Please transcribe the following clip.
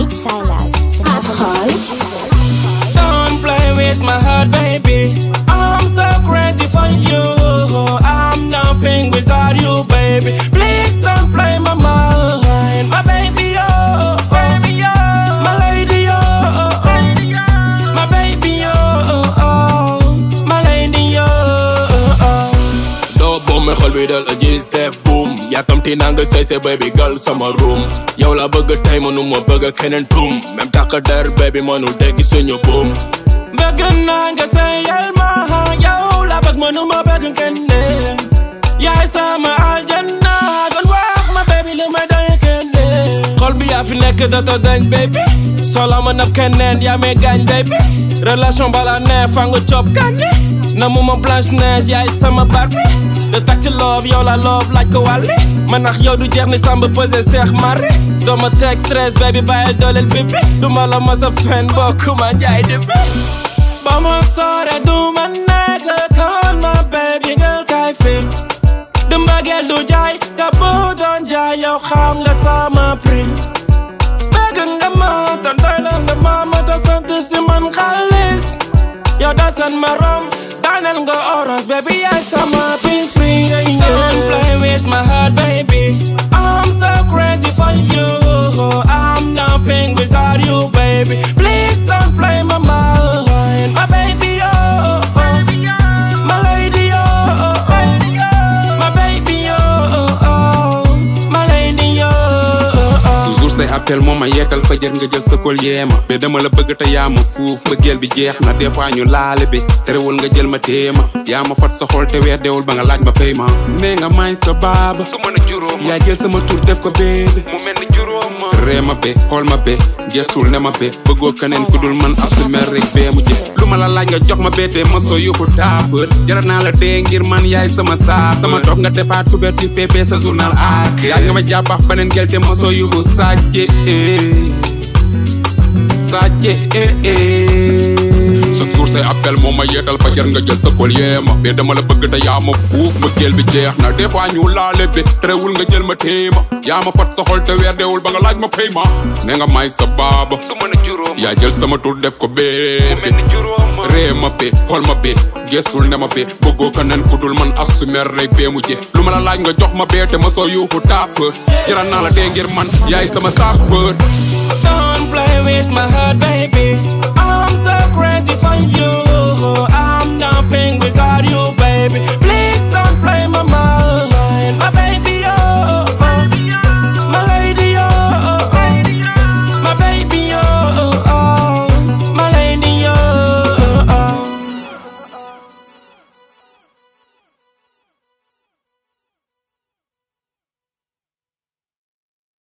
It's Silas. Don't play with my heart, baby. I'm so crazy for you. I'm nothing without you, baby. Please don't play my mind, my baby. Oh, oh. my lady. Oh, my baby. Oh, my lady. Oh, oh. Double me, olvidar el G-Step, boom yàkkamti naa nga say say baby girl summer room yow la bëgg time mënu ma bëgg kenen tuum même takk der baby mënul dégg suñu boom. bëgg naa nga sayal ma yow la bëgg mënu ma bëgg keneen yaay sama aljanna kon wax ma baby lu ma doy keneen xol bi yaa fi nekk data dañ baby solo ma nab keneen yaa may gaañ baby relation bala ne fa nga coob gànni na blanche neige ya sama Barbie the touch of love yow la love like a wàlli man nax yow du jeex ni samba posé seex mari dooma teg stress baby bàyyil dooleel bibi du ma la masa fen bokku ma njaay di bi ba ma soore du ma nekk call ma baby girl kay fi du mbëggeel du jaay te bu doon jaay yow xam nga sama prix bëgg nga ma te doy la nga ma ma te sant si man xaalis yow dasan ma rom Burning the auras, baby, I saw my pins spring. Don't play with my heart, baby. tel moo ma yekkal fa jër nga jël sa kol yeema mais dama la bëgg te yaa ma fuuf mbëggeel bi jeex na des fois ñu laale bi terewul nga jël ma téema yaa ma fat sa xol te weer deewul ba nga laaj ma paiement nee nga maay sa baaba su mën a juróom yaa jël sama tur def ko béebe mu mel reema be hol ma be gesul ne ma be bëggoo keneen ku dul man mer rek be mu jëf luma la laaj nga jox ma te ma soo yóbbu jara na la de ngir man yaay sama sa sama dog nga defaat couverture pp sa journal a ya nga ma jàppax benen gel te ma soo eh eh, eh, eh. jour say appel moo ma nga jël sa collier ma mais dama la bëgg te yaa ma ma géel bi jeex na des fois ñu laale bi terewul nga jël ma téema yaa fat sa xol te weer deewul ba nga laaj ma pay ne nga may sa baaba du mën juróom yaa jël sama tur def ko bébé ree ma bi xool ma bi geesul ne ma bi bëggoo ko nen man assumer rey bee mu je lu la laaj nga jox ma bee te ma soo yuuxu tàpp jaral naa la dee ngir man yaay sama sàpp Don't play with my heart baby